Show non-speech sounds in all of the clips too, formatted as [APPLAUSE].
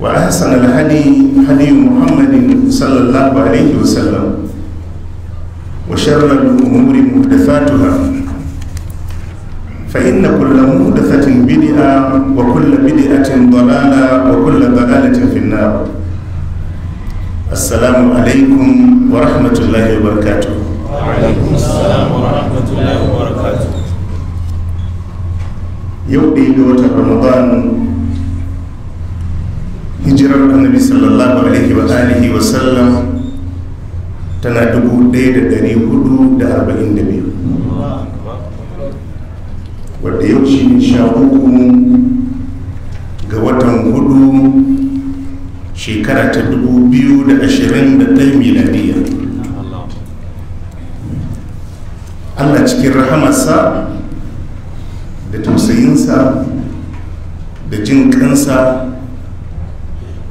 وأحسن الهدي هدي محمد صلى الله عليه وسلم وشر الأمور محدثاتها فإن كل محدثة بدعة وكل بدعة ضلالة وكل ضلالة في النار السلام عليكم ورحمة الله وبركاته وعليكم السلام ورحمة الله وبركاته يوم ليلة رمضان annabi sallallahu alaihi wa alihi wa sallam tana dubu ɗaya da dari hudu da arba'in da biyu wadda yau shi ne sha uku ga watan hudu shekara ta dubu biyu da ashirin da ɗaya miladiya allah cikin rahamarsa da tausayinsa da jin kansa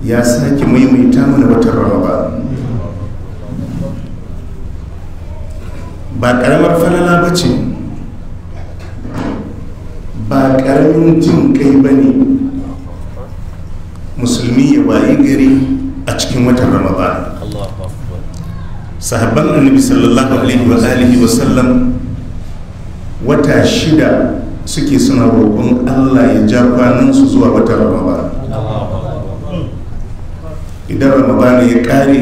ya sake maimaita mana wata ramadan ba karamar falala ba ce ba karamin jin kai ba ne musulmi ya wayi gari a cikin watan ramadan sahabban annabi sallallahu alaihi wa alihi wa sallam wata shida suke suna roƙon allah ya ja kwanansu zuwa watan ba. idan ramadana ya kare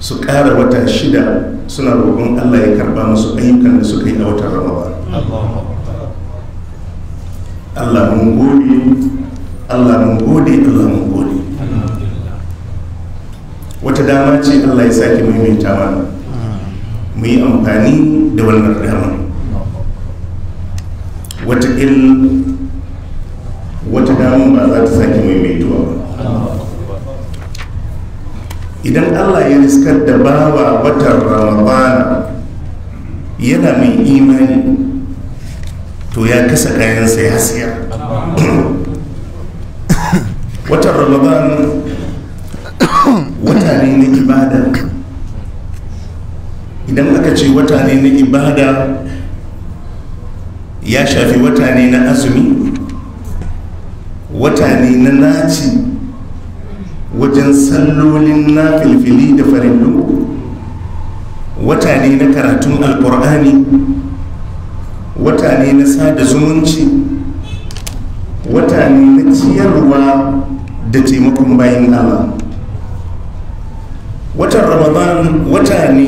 su kara wata shida suna roƙon allah ya karba musu ayyukan da suka yi a watan ramadana allah mun gode allah mun gode allah mun gode wata dama ce allah ya sake maimaita mana mu yi amfani da wannan wata il wata dama ba za ta sake maimaituwa ba idan allah ya riskar da bawa watan Ramadan yana mai imani to ya kasa kayansa ya siya [COUGHS] watan Ramadan wata ne na ibada idan aka ce wata ne na ibada ya shafi wata ne na azumi wata ne na naci wajen sallolin na filfili da farillu wata ne na karatun alkur'ani wata ne na sada zumunci wata ne na ciyarwa da taimakon bayan allah watan ramadan wata ne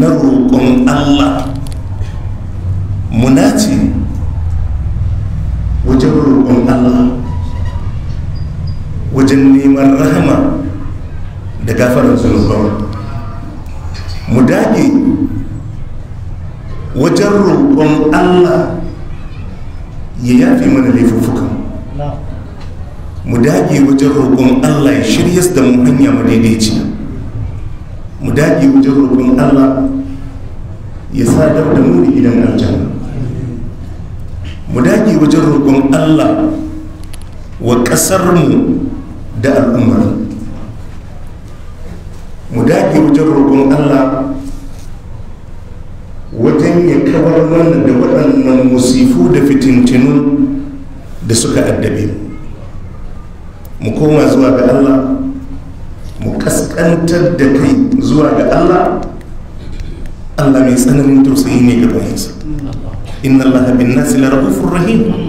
na roƙon allah ce wajen roƙon allah wajen neman rahama da gafarar zunubar mu dage wajen roƙon allah ya yafi mana laifuffukan mu dage wajen roƙon allah ya shirya da mu hanya daidaici mu dage wajen roƙon allah ya sadar da mu da gidan aljanna mu dage wajen roƙon allah wa ƙasar mu. da al'ummar mu dage wajen roƙon allah wajen ya kawar mana da waɗannan musifu da fitintinu da suka addabe mu mu koma zuwa ga allah mu kaskantar da kai zuwa ga allah allah mai tsananin tausayi ne ga bayansa inna allaha bin nasi rahim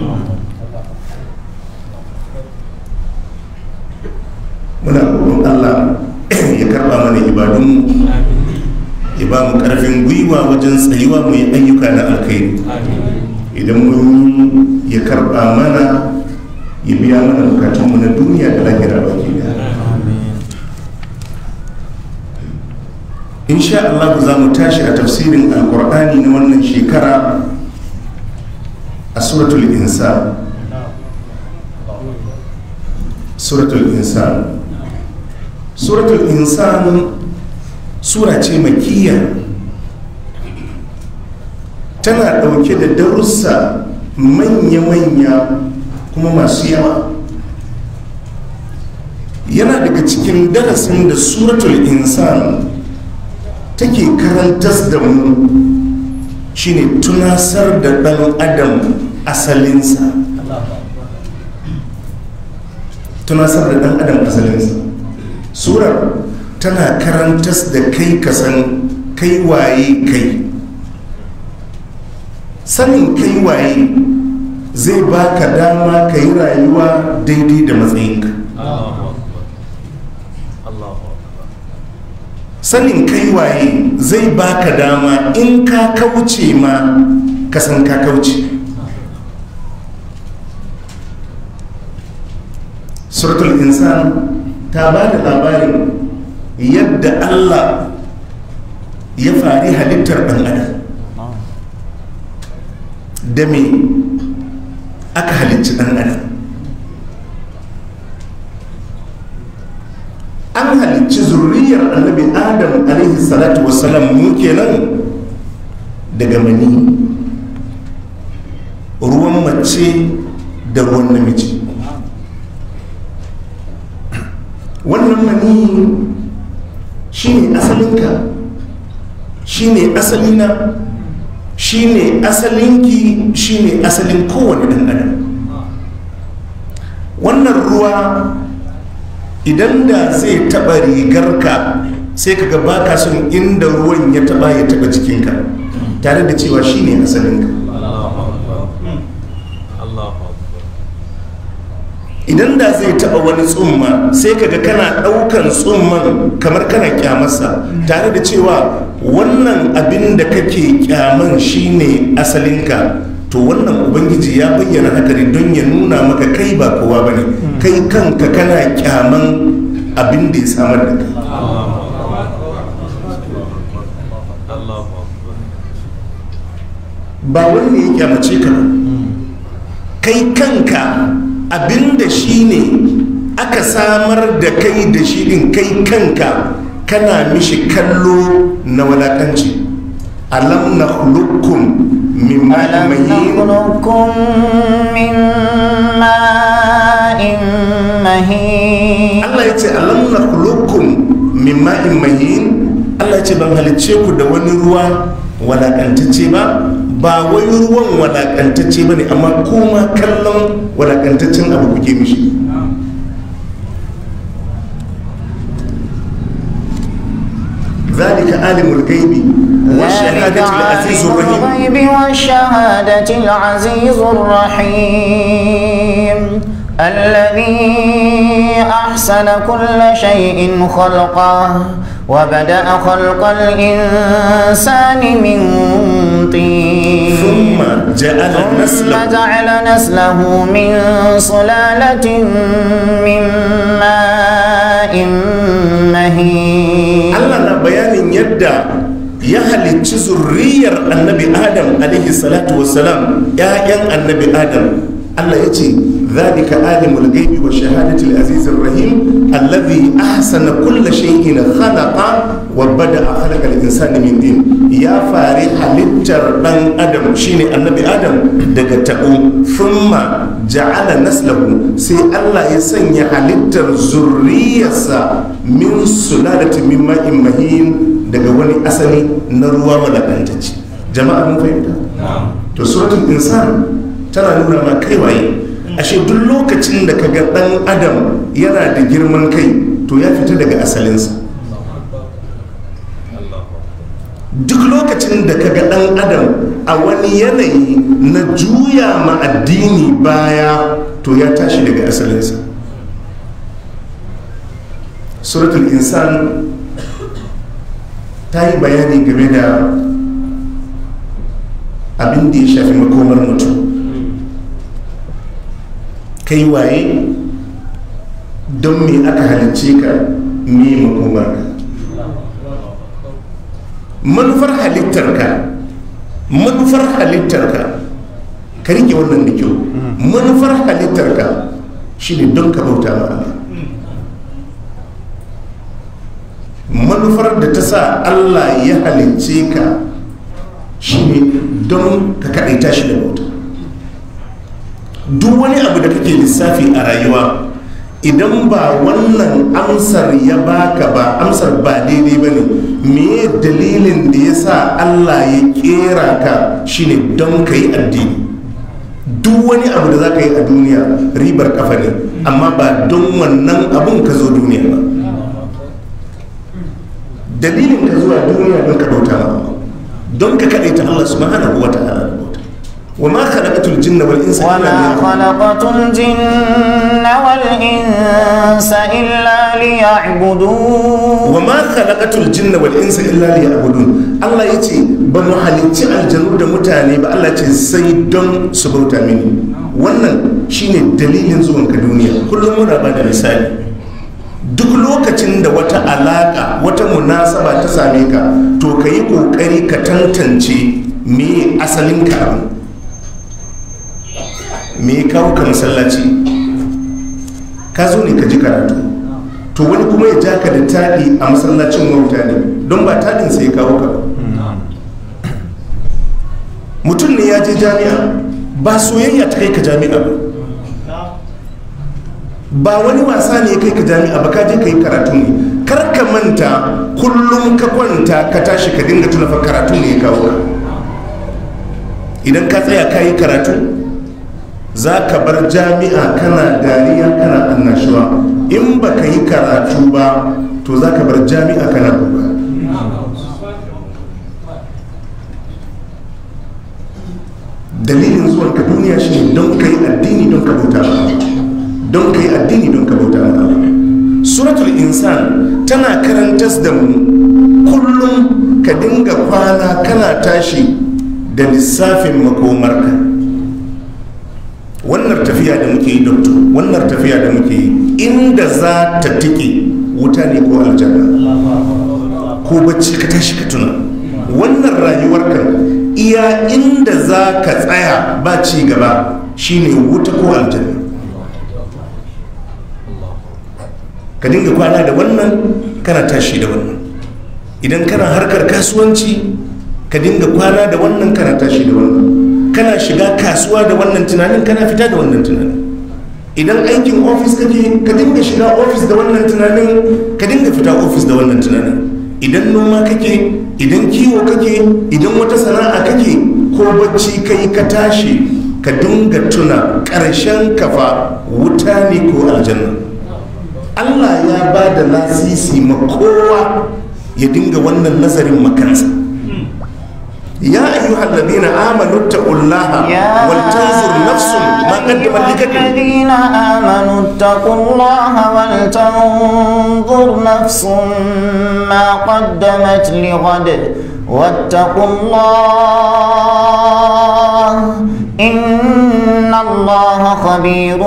muna roƙon Allah ya karɓa mana ibadunmu ya ba mu ƙarfin gwiwa wajen tsayuwa mu yi ayyuka na alkhairi idan mu ya karɓa mana ya biya mana bukatunmu na duniya da lahira baki in insha Allah za mu tashi a tafsirin alkur'ani na wannan shekara a suratul insa suratul insa suratul insan sura ce makiya tana dauke da darussa manya-manya kuma masu yawa yana daga cikin darasin da suratul insan take karantas da mu shine tunasar da dan adam asalinsa tunasar da ɗan adam asalinsa surar tana karantas da kai kasan kai waye kai sanin kai waye zai baka dama ka yi rayuwa daidai da matsayinka sanin kai waye zai baka dama in ka kauce ma kasan ka kauce suratul insan ta ba da labarin yadda allah ya fari halittar ɗan adam da me aka halicci ɗan adam an halicci zurriyar annabi adam alaihi salatu wasalam mu kenan daga mani ruwan mace da ruwan namiji mani shi ne asalinka shi ne asalina shi ne asalinki shi ne asalin kowane ɗan adam wannan ruwa idan da zai taɓa rigarka sai ka gaba baka son inda ruwan ya taɓa ya taɓa jikinka tare da cewa shi ne asalinka idan da zai taba wani tsumma sai kaga kana daukan tsumman kamar kana kyamarsa tare da cewa wannan abin da kake kyaman shine asalinka to wannan ubangiji ya bayyana haka ne don ya nuna maka kai ba kowa bane kai kanka kana kyaman abin da ya samar da kai ba wani ne ya kyamace ka kai kanka abinda shi ne aka samar da kai da shi din kai kanka kana mishi kallo na walakanci alam na hulukun min mahin Allah ya ce min mahin Allah ya ce ban halicce ku da wani ruwa walakantacce ba ba wai ruwan wadakantacce ba ne amma kuma kallon wadakantaccen abu kuke mishi ذلك عالم الغيب والشهادة العزيز الرحيم الغيب والشهادة العزيز الرحيم الذي أحسن كل شيء خلقه وبدأ خلق الإنسان من طين ثم جعل نسله ثم جعل نسله من صلالة من ماء مهين الله بيان يبدأ ya halicci zurriyar annabi adam alaihi salatu wasalam 'ya'yan annabi adam allah ya ce ذلك عالم الغيب والشهادة العزيز الرحيم الذي أحسن كل شيء خلق وبدأ خلق الإنسان من دين يا فاري halittar ɗan adam shine annabi adam daga taɓo thumma ja'ala naslahu sai Allah ya sanya halittar zurriyarsa min sulalatin min ma'in mahin daga wani asali na ruwa malakantacce jama'a mun fahimta to suratul insan tana nuna ma kai waye ashe duk lokacin da kaga dan adam yana da girman kai to ya fita daga asalinsa duk lokacin da kaga dan adam a wani yanayi na juya ma addini baya to ya tashi daga asalinsa suratul insan ta yi bayani game da abin da ya shafi makomar mutum kai waye don me aka halicce ka ne makomar ka manufar halittarka manufar halittarka ka rike wannan da kyau manufar halittarka shi ne don ka bauta ma Allah manufar da ta sa Allah ya halicce ka shi ne don ka kaɗaita shi da bauta duk wani abu da kake lissafi a rayuwa idan ba wannan amsar ya baka ba amsar ba daidai ba ne me dalilin da ya sa allah ya kera ka shine don ka yi addini duk wani abu da za ka yi a duniya ribar kafa ne amma ba don wannan abun ka zo duniya ba dalilin ka zuwa duniya don ka bauta ba don ka kaɗaita allah subhanahu wa ta'ala وما خلقت الجن والإنس وما خلقت الجن والإنس إلا ليعبدون وما خلقت الجن والإنس إلا ليعبدون الله يتي بنو حليتي الجنود da mutane ba Allah ce sai don su bauta mini wannan shine dalilin zuwan ka duniya duk lokacin da wata alaka wata munasaba ta same ka to ka yi kokari ka tantance me asalin ka me ya kawo ka masallaci ka zo ne ka ji karatu to wani kuma ya ja ka da taɗi a masallacin wauta ne don ba taɗin sai ya kawo ka mutum ne ya je jami'a ba soyayya ta kai ka jami'a ba ba wani wasa ne ya kai ka jami'a ba ka je ka yi karatu ne kar ka manta kullum ka kwanta ka tashi ka dinga tuna fa karatu ne ya kawo ka idan ka tsaya ka yi karatu za ka bar jami'a kana dariya kana annashuwa in ba ka yi karatu ba to za ka bar jami'a kana kuka dalilin zuwan ka duniya shi ne don ka yi addini don ka bauta don ka yi addini don ka bauta suratul insan tana karantas da mu kullum ka dinga kwana kana tashi da lissafin makomarka wannan tafiya da muke yi doctor wannan tafiya da muke yi inda za ta tike wuta ne ko aljanna ko bacci ka tashi ka tuna wannan rayuwar ka iya inda za ka tsaya ba ci gaba shine wuta ko aljanna ka dinga kwana da wannan kana tashi da wannan idan kana harkar kasuwanci ka dinga kwana da wannan kana tashi da wannan kana shiga kasuwa da wannan tunanin kana fita da wannan tunanin idan aikin ofis kake ka dinga shiga ofis da wannan tunanin ka dinga fita ofis da wannan tunanin idan noma kake idan kiwo kake idan wata sana'a kake ko bacci kai ka tashi ka dinga tuna ƙarshen kafa wuta ne ko aljanna allah ya ba da lasisi ma kowa ya dinga wannan nazarin makansa يا أيها الذين آمنوا اتقوا الله ولتنظر نفس ما قدمت لغد الذين آمنوا اتقوا الله ولتنظر نفس ما قدمت لغد واتقوا الله إن الله خبير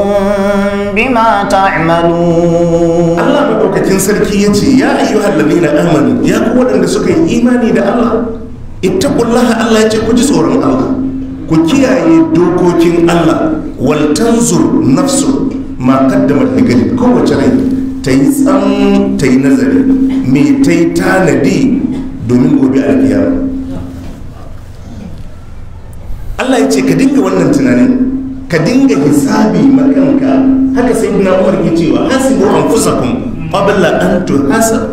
بما تعملون الله مدوكتين سركيتي يا أيها الذين آمنوا يا قوة أن سكين إيماني ده الله ittaqullaha Allah ya ce ku ji tsoron Allah ku kiyaye dokokin Allah wal tanzur nafsu ma qaddamat li wace rai ta yi tsan ta yi nazari me ta yi tanadi domin gobe alkiyama Allah ya ce ka dinga wannan tunanin ka dinga hisabi makanka haka sai na umar ke cewa hasibu anfusakum qabla an tuhasab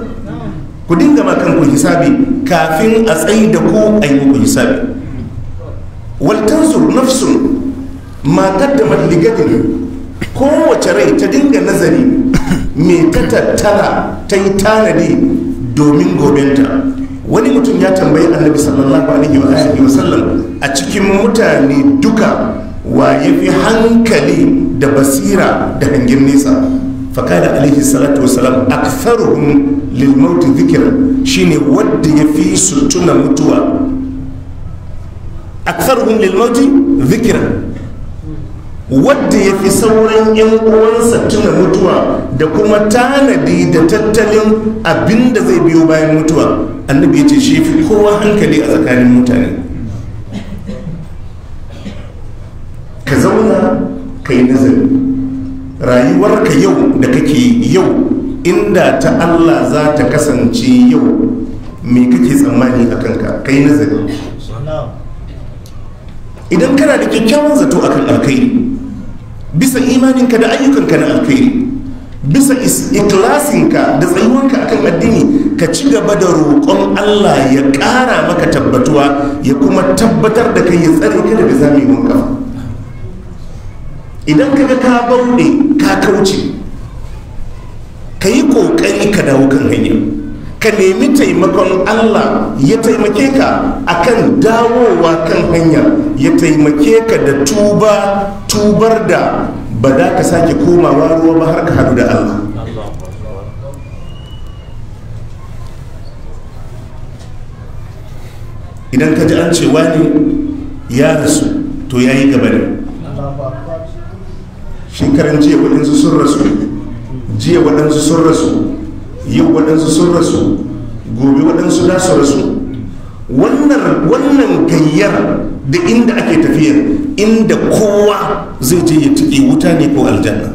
ku dinga ma kanku hisabi kafin a tsayi da ku a yi muku hisabi zur nafsun ma da ligadin kowace rai ta dinga nazari me ta tattara ta yi tanadi domin gobenta wani mutum ya tambayi annabi sallallahu alaihi wa alihi wa sallam a cikin mutane duka wa yafi hankali da basira da hangen nesa Fakada alaihi salatu wa salam aktharuhum lilmauti mauti shine wadda ya fi su tuna mutuwa aktharuhum lil lilmauti wadda ya fi sauran 'yan uwansa tuna mutuwa da kuma tanadi da tattalin abin da zai biyo bayan mutuwa annabi ya ce shi fi kowa hankali a tsakanin mutane ka zauna ka yi nazari rayuwarka yau da kake yau inda ta Allah za ta kasance yau me kake tsammani a kanka kai nazari idan kana da kyakkyawan zato akan alkhairi bisa imaninka da ayyukanka na alkhairi bisa ikilasinka da tsayuwanka akan addini ka ci gaba da roƙon Allah ya ƙara maka tabbatuwa ya kuma tabbatar da kai ya tsare ka daga zamewanka idan ka ga ka bauɗe ka kauce ka yi ƙoƙari ka dawo kan hanya ka nemi taimakon allah ya taimake ka akan dawowa kan hanya ya taimake ka da tuba tubar da ba za ka sake komawa ruwa ba har ka hadu da allah idan ka ji an ce wani ya rasu to ya yi gaba ne shekaran jiya waɗansu sun rasu jiya waɗansu sun rasu yau waɗansu sun rasu gobe waɗansu da su rasu wannan gayyar da inda ake tafiya inda kowa zai je ya tuki wuta ne ko aljanna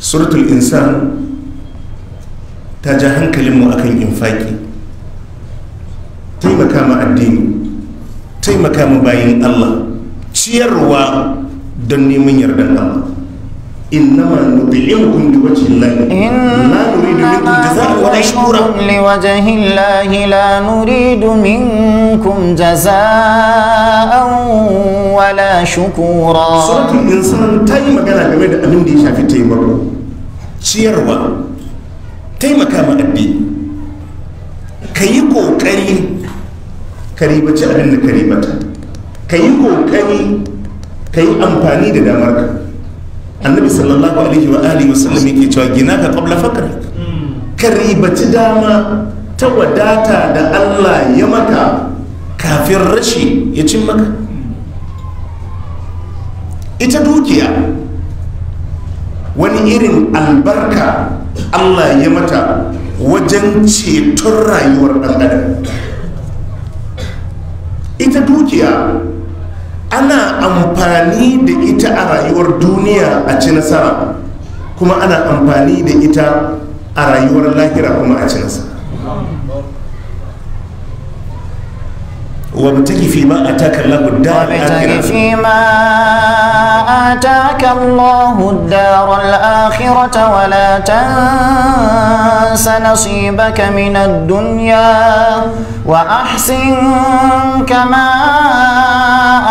suratul insan ta ja hankalinmu akan infaki taimaka ma addini taimaka ma bayin allah ciyarwa don neman yardan Allah inna ma nubi'in kundi wajen lai la nuridu minkum jaza wa la shukura li wajen lahi la nuridu minkum jaza wa la shukura sauratun insanan ta yi magana game da abin da ya shafi taimako ciyarwa taimaka ma abbi ka yi kokari ka ribaci abin da ka ribata ka yi kokari ka yi amfani da damar ka annabi sallallahu alaihi wa alihi wa sallam yake cewa gina ka qabla fakar ka ribaci dama ta wadata da Allah ya maka kafin rashi ya cin maka ita dukiya wani irin albarka Allah ya mata wajen ceton rayuwar ɗan adam ita dukiya ana amfani da ita a rayuwar duniya a ci nasara kuma ana amfani da ita a rayuwar lahira kuma a ci nasara وابتغ فيما آتاك الله الدار الآخرة فيما آتاك الله الدار الآخرة ولا تنس نصيبك من الدنيا وأحسن كما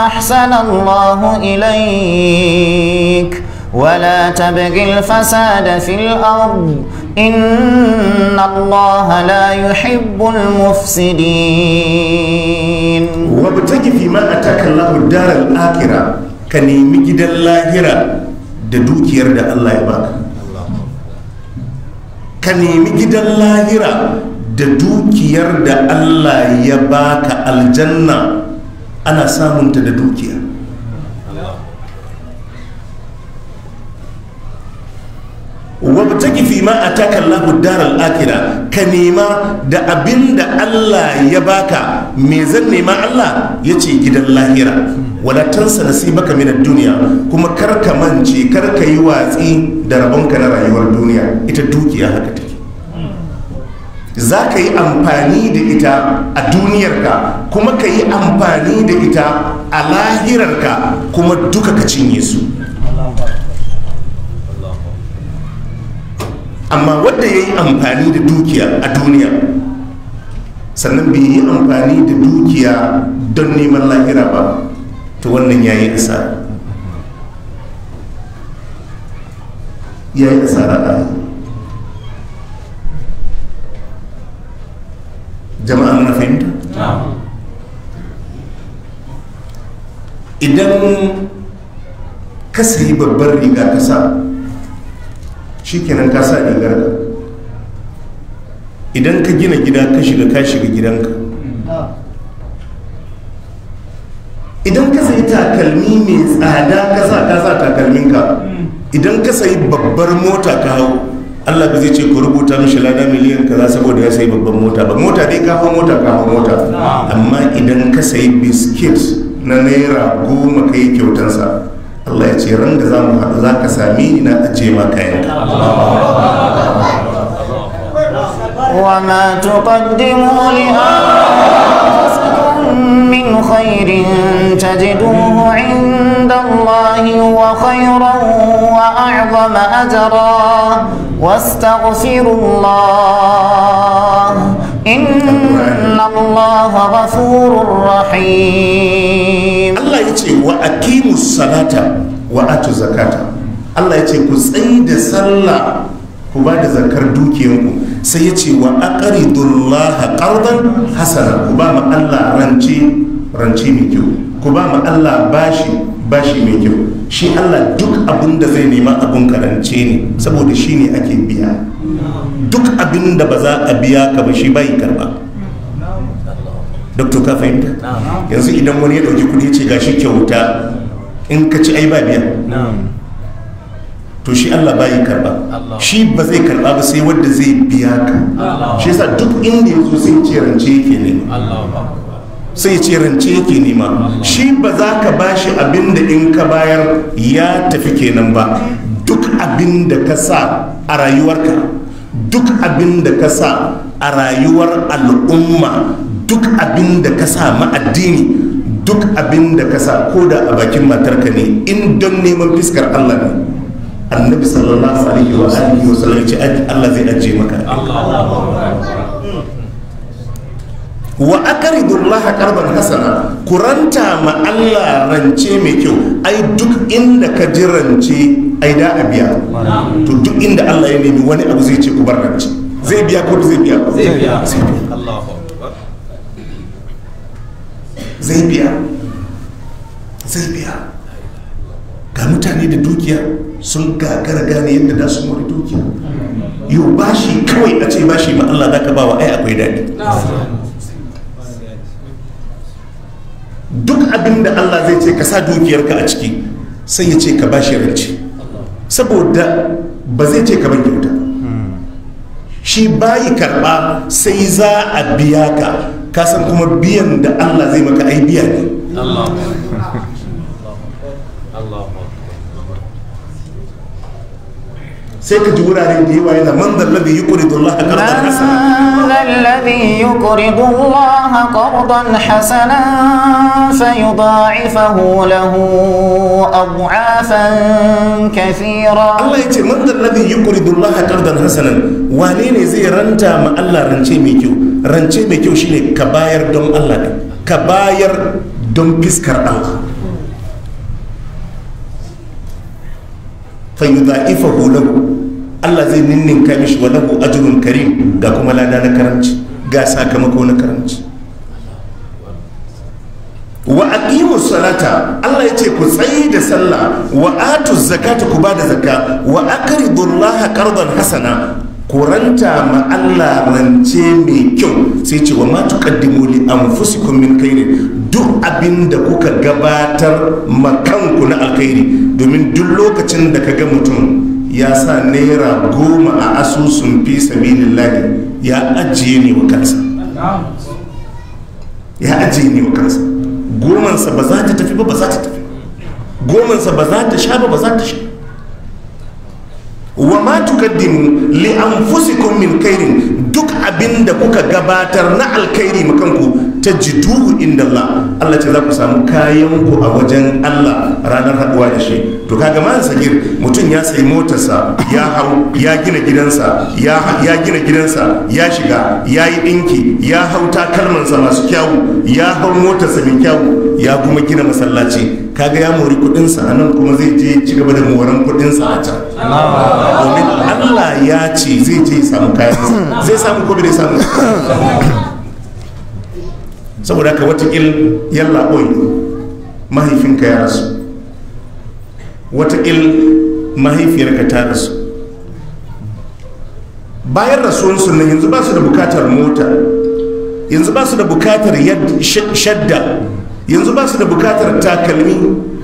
أحسن الله إليك ولا تبغ الفساد في الأرض إن الله لا يحب المفسدين وبتجي في ما أتاك الله الدار الآخرة كان يمجد الله اللاهرة دوك يرد الله يباك كان يمجد الله اللاهرة دوك يرد الله يباك الجنة أنا سامنت دوكير wabtaki fi ma a Allahu daral akhirah ka nema da abinda Allah ya baka me zan nema Allah yace gidan lahira wala tansa nasibaka minad dunya kuma kar ka mance kar ka yi watsi da rabonka na rayuwar duniya ita dukiya haka take za ka yi amfani da ita a duniyarka kuma ka yi amfani da ita a lahirar ka kuma duka ka cinye su amma wanda ya yi amfani da dukiya a duniya sannan bai yi amfani da dukiya don neman lahira ba ta wannan ya yi asara ya yi asara a jama'a na fahimta idan ka sayi babbar riga ka sa shikenan ka sa rigar idan ka gina gida ka shiga ka shiga gidanka idan ka sayi takalmi mai tsada ka sa ka sa takalminka idan ka sayi babbar mota ka hau allah ba zai ce ku rubuta mishi lada miliyan kaza saboda ya sayi babban mota ba mota dai ka hau mota ka hau mota amma idan ka sayi biskit na naira goma ka yi kyautansa الله ya ce ran da za mu haɗu za وما تقدموا لأنفسكم من خير تجدوه عند الله وخيرا وأعظم أجرا واستغفروا الله inna allaha ghafurur Allah yace wa aqimus salata wa atu zakata Allah yace ku tsayi da sallah ku ba da zakar dukiyanku sai yace wa aqridullaha qardan hasana ku ba ma Allah rance mai kyau ku ba ma Allah bashi bashi mai kyau shi Allah duk abin da zai nema abun karance ne saboda shi ne ake biya duk abin da ba za a biya ka ba shi bai karba doktor ka fahimta yanzu idan wani ya dauki kudi ce gashi kyauta in ka ci ai ba biya to shi Allah bai karba shi ba zai karba ba sai wanda zai biya ka shi yasa duk inda ya zo sai ce rance yake ne sai ce rance yake nema shi ba za ka bashi abin da in ka bayar ya tafi kenan ba duk abin da ka sa a rayuwarka duk abin da ka sa a rayuwar al'umma duk abin da ka sa ma'addini duk abin da ka sa ko da a bakin matarka ne in don neman fiskar Allah ne annabi sallallahu alaihi wa sallam ya ce Allah zai ajiye maka wa akaridullaha karban hasana ku ranta ma Allah rance mai kyau ai duk inda ka ji rance ai da a biya to duk inda Allah ya nemi wani abu zai ce ku bar rance zai biya ko zai biya zai biya zai biya zai biya ga mutane da dukiya sun gagara gane yadda da su mori dukiya yau bashi kawai a ce bashi ma Allah zaka bawa ai akwai daɗi duk abin da Allah zai ce ka sa dukiyarka a ciki sai ya ce ka ba shi rance saboda ba zai ce ka ban kyauta shi bayi karba sai za a biya ka kasan kuma biyan da Allah zai maka ai biya ne sai ka ji wurare da yawa yana man da ladhi don laha qardan hasana man ladhi don laha qardan hasana hulahu abu ad'afan kafira Allah ya ce man da ladhi don laha qardan hasana wane ne zai ranta ma Allah rance mai kyau rance mai kyau shine ka bayar don Allah ne ka bayar don fiskar Allah ifa hulahu. Allah zai ninninka mishi wa lahu ajrun karim ga kuma lada na karanci, ga sakamako na karanci. wa aqimu salata Allah yace ku tsayi da sallah wa atu zakata ku bada zakka wa aqridu Allah qardan hasana ku ranta ma Allah rance mai kyau sai ce wa ma tuqaddimu li anfusikum min khairin duk abin da kuka gabatar makanku na alkhairi domin duk lokacin da ka ga mutum ya sa naira goma a asusun fi sabilillahi ya ajiye ne wa kansa ya ajiye ne wa kansa gomansa ba za ta tafi ba ba za ta tafi gomansa ba za ta sha ba ba za ta sha wa ma tukaddimu li anfusikum min khairin duk abinda kuka gabatar na alkhairi makanku tajiduhu inda Allah Allah ce za ku samu kayan ku a wajen Allah ranar haduwa da shi to kaga ma sagir mutum ya sayi motarsa ya hau ya gina gidansa ya gina gidansa ya shiga ya yi dinki ya hau takalmansa masu kyawu ya hau motarsa mai kyawu ya kuma gina masallaci kaga ya mori kuɗinsa a nan kuma zai je ci gaba da moran kuɗinsa a can domin Allah ya ce zai je samu kayan zai samu ko bai samu saboda haka watakil yalla boy mahaifinka ya rasu watakil mahaifiyarka ta rasu bayan rasuwansu nan yanzu ba su da bukatar mota yanzu ba su da bukatar shadda yanzu ba su da bukatar takalmi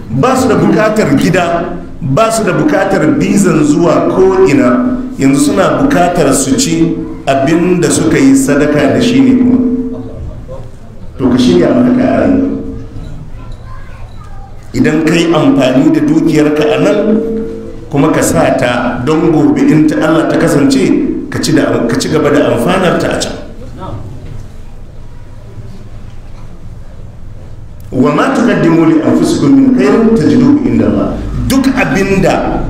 ba su da bukatar gida ba su da bukatar bizan zuwa ko'ina yanzu suna bukatar su ci abin da suka yi sadaka da shi ne kuma to ka shirya maka a idan ka yi amfani da dukiyarka a nan kuma ka sa ta don gobe in ta allah ta kasance ka ci gaba da amfanar ta a can wa ma tuqaddimu a anfusikum min ji dubu inda ba duk abinda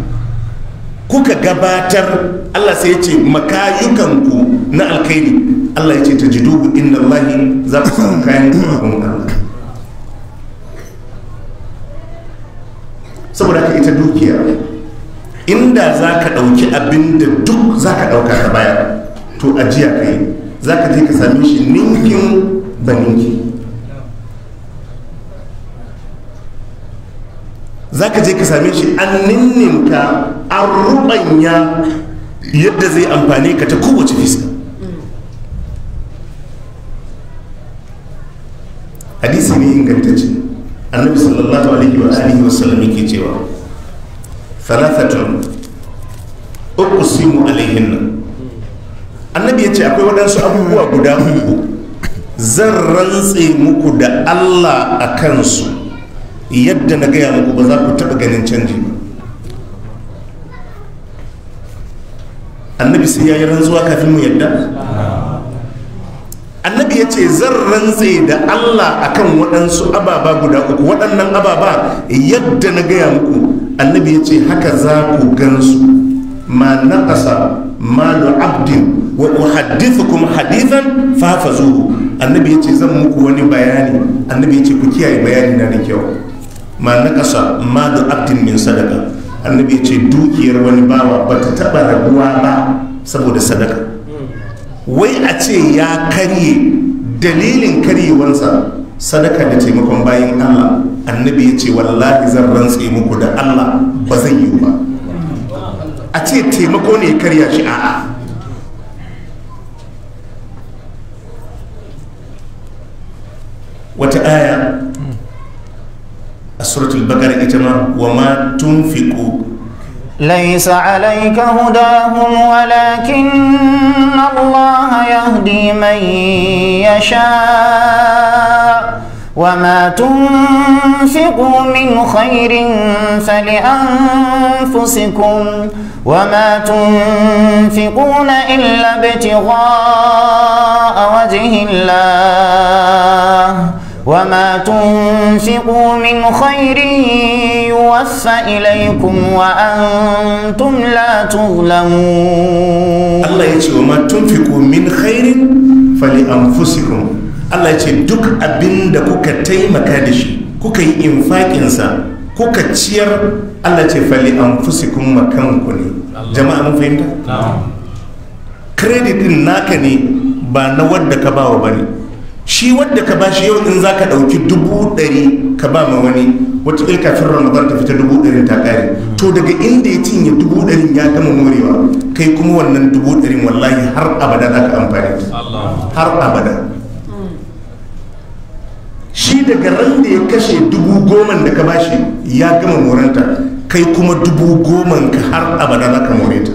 kuka gabatar Allah sai ce makayukanku na alkhairi Allah ya ce ta ji dubu inda lahi za ku samu kayan kwanakon Allah saboda ka ita dukiya inda za ka ɗauki abin da duk za ka ɗauka ka bayar to ajiya ka yi za ka je ka same shi ninkin baninki. za ka je ka same shi an ninninka an ruɓanya yadda zai amfane ka ta kowace fiska hadisi ne ingantacce annabi sallallahu alaihi wa alihi wa sallam yake cewa thalathatun uqsimu alaihinna annabi yace akwai waɗansu abubuwa guda uku zan rantse muku da Allah a kansu yadda na gaya muku ba za ku taɓa ganin canji ba annabi sai ya yi rantsuwa kafin mu yadda annabi ya ce zan rantse da allah a kan waɗansu ababa guda uku waɗannan ababa yadda na gaya muku annabi ya ce haka za ku gansu ma naƙasa malu abdin wa uhaddithukum hadithan fafazuhu annabi ya ce zan muku wani bayani annabi ya ce ku kiyaye bayani na da kyau ma naƙasa malu abdin min sadaka annabi ya ce dukiyar wani bawa ba ta taɓa rabuwa ba saboda sadaka wai a ce ya karye dalilin karyewarsa sadaka da taimakon bayan allah annabi ya ce wallahi zan rantse muku da allah ba zan yi ba a ce taimako ne karya shi a wata aya a suratul bakar ita ma wa ma tun fiƙo. ليس عليك هداهم ولكن الله يهدي من يشاء وما تنفقوا من خير فلأنفسكم وما تنفقون إلا ابتغاء وجه الله وما تنفقوا من خير يوفى إليكم وأنتم لا تظلمون الله يقول وما تنفقوا من خير فلأنفسكم Allah ce duk abinda kuka taimaka da shi kuka yi infaƙinsa kuka ciyar Allah ce fali an fusikun makanku ne jama'a mun fahimta? No. kredit din naka ne ba na wadda ka bawa ba ne shi wanda ka bashi yau in za ka ɗauki dubu ɗari ka ba ma wani ilka fi ramadan ta fita dubu ɗari ta ƙare to daga inda ya cinye dubu ɗari ya gama morewa kai kuma wannan dubu ɗari wallahi har abada za ka amfani har abada shi daga ran da ya kashe dubu goman da ka bashi ya gama morenta kai kuma dubu goman ka har abada za ka more ta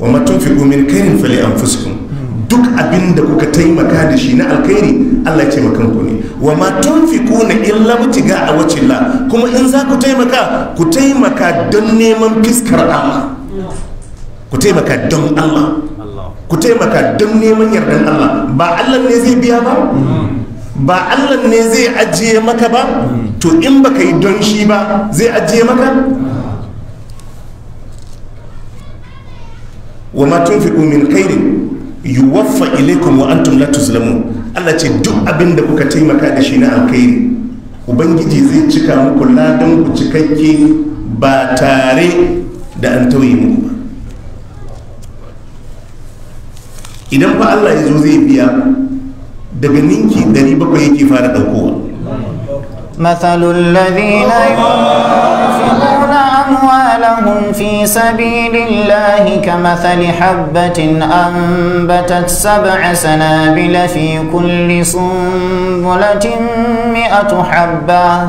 wa matun fi kai karin fali an fuskun duk abin da kuka taimaka da shi na alkhairi Allah ya ce ku ne wa ma tunfiquna illa butiga a wajhillah kuma in za ku taimaka ku taimaka don neman fiskar Allah ku taimaka don Allah ku taimaka don neman yardan Allah ba Allah ne zai biya ba ba Allah ne zai ajiye maka ba to in baka yi don shi ba zai ajiye maka wa ma tunfiqu min khairin yuwaffa ilaikum wa antum la tuzlamu Allah ce duk abin da kuka taimaka da shi na alkhairi ubangiji zai cika muku ladan ku cikakke ba tare da an tauye muku ba idan fa Allah ya zo zai biya daga ninki 700 yake fara daukowa مثل ladina ينفقون معهم في سبيل الله كمثل حبة أنبتت سبع سنابل في كل سنبلة مئة حبة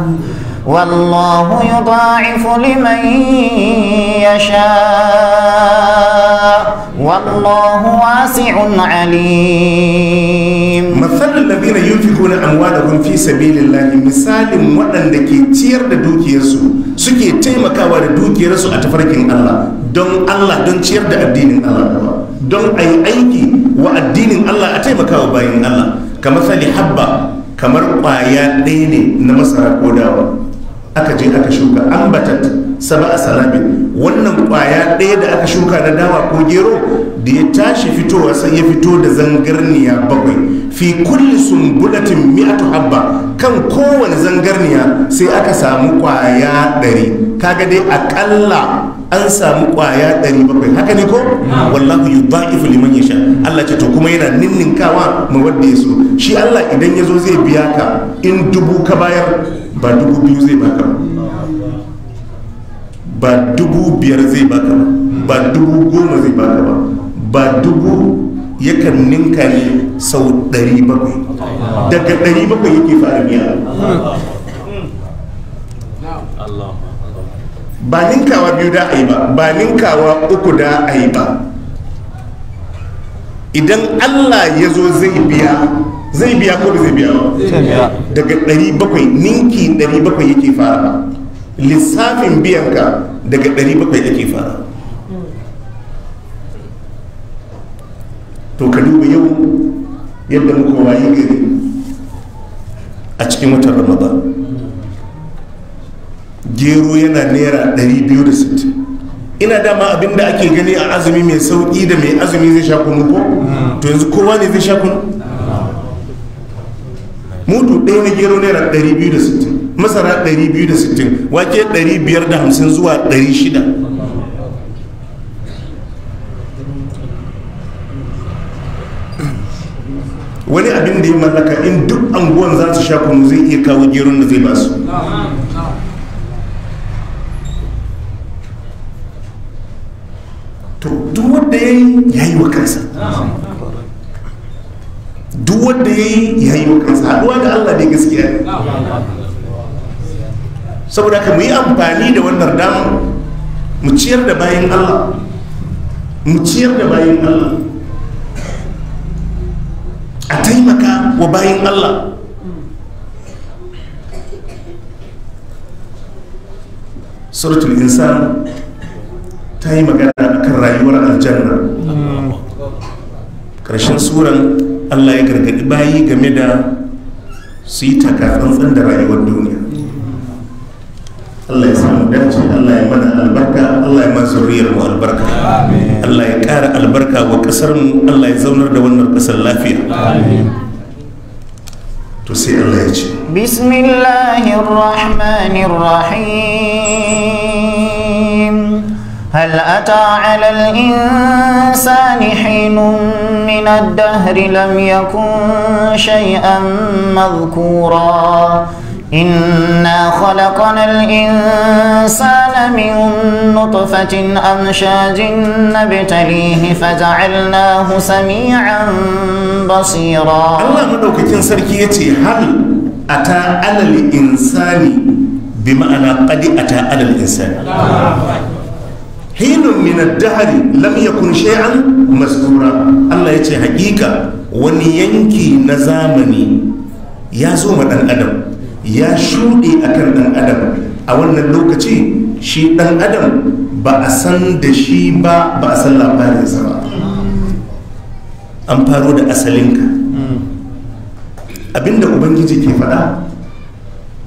والله يضاعف لمن يشاء والله واسع عليم الرحيم مثل الذين ينفقون أموالهم في سبيل الله مثال مدن دكي تير دا دوكيرسو سكي تيمكاوا دا دوكيرسو أتفركين الله دون الله دون تير دا الدين الله دون a yi aiki wa addinin Allah a taimaka wa bayan Allah kamar sali habba kamar ƙwaya ɗaya ne na masara ko dawa aka je aka shuka an batat saba a wannan ƙwaya ɗaya da aka shuka na dawa ko gero da ya tashi fitowa sai ya fito da zangarniya bakwai fi kulli sumbulatin mi'atu habba kan kowane zangarniya sai aka samu kwaya ɗari kaga dai akalla an samu kwaya ɗari bakwai haka ne ko wallahu yudha'ifu liman yasha Allah ce to kuma yana ninninkawa ma wanda ya so shi Allah idan ya zo zai biya ka in dubu ka bayar ba dubu biyu zai baka ba dubu biyar zai baka ba dubu goma zai baka ba ba dubu yakan ninka ne sau 700 daga 700 yake fara biya ba ninkawa biyu da a yi ba ba ninkawa uku da a yi ba idan allah ya zo zai biya zai biya ko da zai biya daga 700 ninki 700 yake fara lissafin biyanka daga 700 yake fara to ka duba yau yadda muka wayi gari a cikin watan ramadan gero yana naira 260 ina dama abin da ake gani a azumi mai sauƙi da mai azumi zai sha kunu ko to yanzu kowa ne zai sha kunu mutu ɗaya na gero naira 260 masara 260 wake 550 zuwa 600 wani abin da ya mallaka in duk anguwan za su sha kunu zai iya kawo gerun da zai ba su to duk wanda ya yi ya yi wa kansa duk wanda ya yi ya yi wa kansa haɗuwa da allah ne gaskiya ne saboda ka mu yi amfani da wannan damar mu ciyar da bayan allah mu ciyar da bayan allah a taimaka wa bayan allah suratul insan ta yi magana akan rayuwar aljanna ƙarshen suran allah ya gargaɗi bayi game da su yi takatsantsan da rayuwar duniya Allah ya samu dace Allah ya mana albarka Allah ya mana zuriyar mu albarka Allah ya ƙara albarka wa ƙasar mu Allah ya zaunar da wannan ƙasar lafiya to sai Allah ya ce bismillahir rahmanir rahim هل أتى على الإنسان حين من الدهر لم يكن شيئا مذكورا إنا خلقنا الإنسان من نطفة أمشاج نبتليه فجعلناه سميعا بصيرا الله مدوكتين سركيتي هل أتى على الإنسان بمعنى قد أتى على الإنسان حين من الدهر لم يكن شيئا مذكورا الله يتي حقيقة وني نزامني يا زوم الأدب ya shuɗe a kan ɗan adam a wannan lokaci shi ɗan adam ba a san da shi ba ba a san labarinsa ba an faro da asalinka abinda ubangiji ke faɗa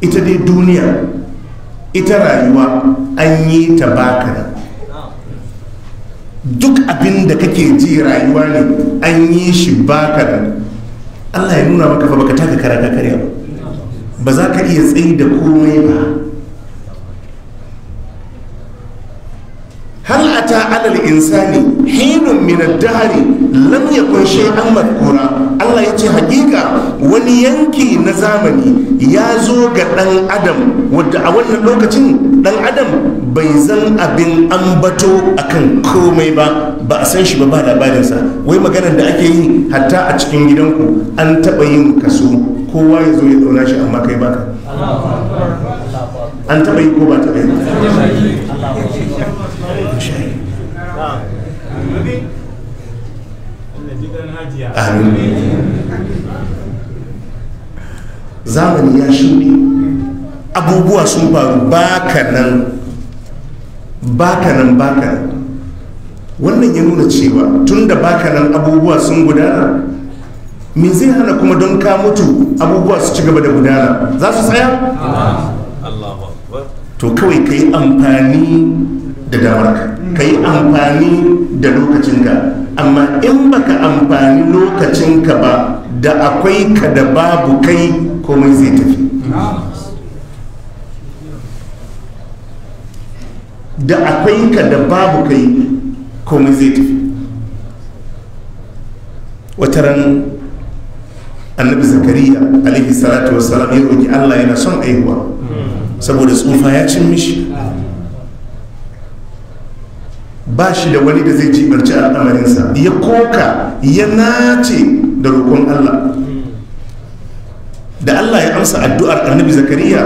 ita dai duniya ita rayuwa an yi ta baka duk abinda kake ji rayuwa ne an yi shi baka Allah ya nuna maka fa baka taka karaka karya ba ba za ka iya tsayi da komai ba hal a alal insani hinun min dahari dahri lam yakun kura allah Allah yace hakika wani yanki na zamani ya zo ga dan adam wadda a wannan lokacin dan adam bai zan abin ambato akan komai ba ba a san shi ba ba labarinsa wai maganar da ake yi hatta a cikin gidanku an taɓa yin kaso kowa ya zo ya ɗauna shi amma kai baka an taɓa yi ko ba taɓa yi zamani ya shuɗe abubuwa sun faru baka nan baka nan baka nan wannan ya nuna cewa tun da baka nan abubuwa sun gudana min zai hana kuma don ka mutu abubuwa su ci gaba da gudana za su tsaya to kawai ka yi amfani da damar ka yi amfani da lokacinka amma in baka amfani lokacinka ba da akwai ka da babu kai komai zai tafi da akwai ka da babu kai komai zai tafi wataran annabi zakariya alaihi salatu Salam ya roki allah yana son aihuwa saboda tsufa ya cin mishi ba shi da wani da zai jibarci al'amarinsa ya koka ya nace da roƙon allah da allah ya amsa addu'ar annabi zakariya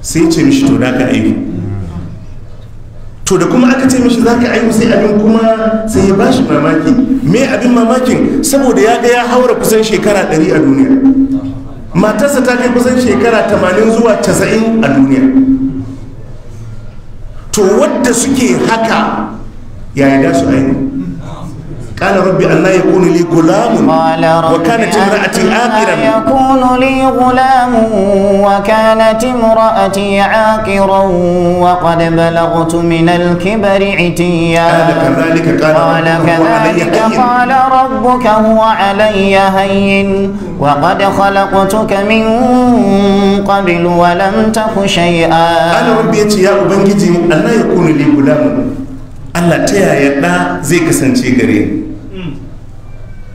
sai ce mishi to naka aihu to da kuma aka ce mishi za ka aihu sai abin kuma sai ya ba shi mamaki me abin mamakin saboda ya ga ya haura kusan shekara 100 a duniya matarsa ta kai kusan shekara 80 zuwa 90 a duniya to wadda suke haka yaya da su aini قال رب أن يكون لي غلام وكانت امرأتي عاقرا يكون لي غلام وكانت امرأتي عاقرا وقد بلغت من الكبر عتيا قال كذلك قال, قال كذلك قال ربك هو علي هين وقد خلقتك من قبل ولم تك شيئا قال ربي يا أبنجي أن يكون لي غلام Allah ta yaya ɗa zai kasance gare ni